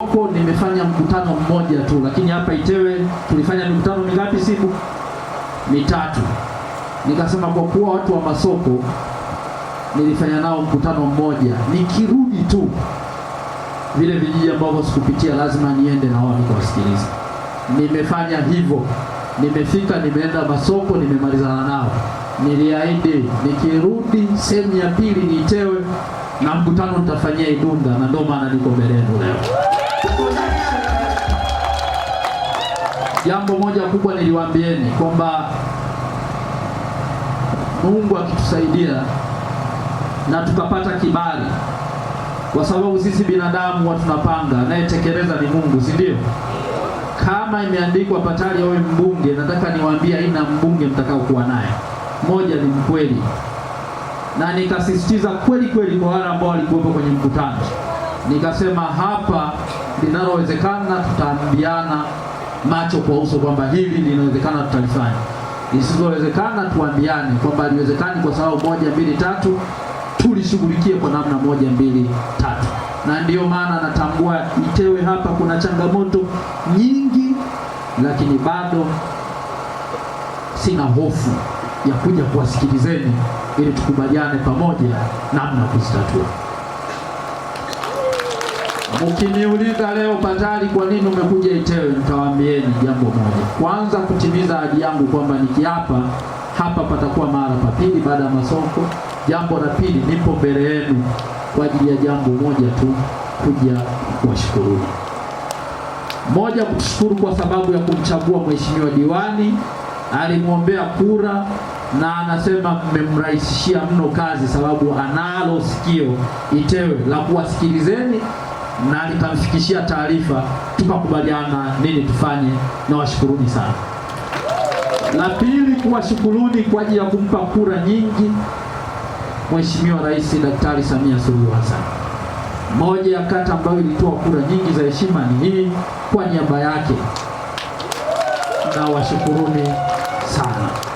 Hapo nimefanya mkutano mmoja tu, lakini hapa Itewe tulifanya mikutano mingapi? Siku mitatu. Nikasema kwa kuwa watu wa masoko nilifanya nao mkutano mmoja, nikirudi tu vile vijiji ambavyo sikupitia lazima niende na wao nikawasikiliza. Nimefanya hivyo, nimefika, nimeenda masoko, nimemalizana nao. Niliahidi nikirudi sehemu ya pili ni Itewe na mkutano nitafanyia Idunda, na ndio maana niko mbele yenu leo. Jambo moja kubwa niliwaambieni kwamba Mungu akitusaidia na tukapata kibali, kwa sababu sisi binadamu watunapanga, anayetekeleza ni Mungu, si ndio? Kama imeandikwa Patali awe mbunge, nataka niwaambie aina mbunge mtakaokuwa naye, moja ni mkweli, na nikasisitiza kweli kweli kwa wale ambao walikuwepo kwenye mkutano, nikasema hapa linalowezekana tutaambiana macho kwa uso kwamba hili linawezekana, tutalifanya. Lisizowezekana tuambiane kwamba haliwezekani kwa sababu moja mbili tatu, tulishughulikie kwa namna moja mbili tatu. Na ndiyo maana natambua Itewe hapa kuna changamoto nyingi, lakini bado sina hofu ya kuja kuwasikilizeni ili tukubaliane pamoja namna kuzitatua. Mkiniuliza leo bandari, kwa nini umekuja Itewe, nitawaambieni jambo moja. Kwanza kutimiza ahadi yangu kwamba nikiapa hapa patakuwa mara pa pili baada ya masoko. Jambo la pili, nipo mbele yenu kwa ajili ya jambo moja tu, kuja kuwashukuru. Moja, kushukuru kwa sababu ya kumchagua mheshimiwa diwani, alimwombea kura na anasema mmemrahisishia mno kazi, sababu analo sikio Itewe la kuwasikilizeni na nikamfikishia taarifa, tukakubaliana nini tufanye, na washukuruni sana. La pili, kuwashukuruni kwa ajili ya kumpa kura nyingi Mheshimiwa Rais Daktari Samia Suluhu Hassan. Moja ya kata ambayo ilitoa kura nyingi za heshima ni hii, kwa niaba yake na washukuruni sana.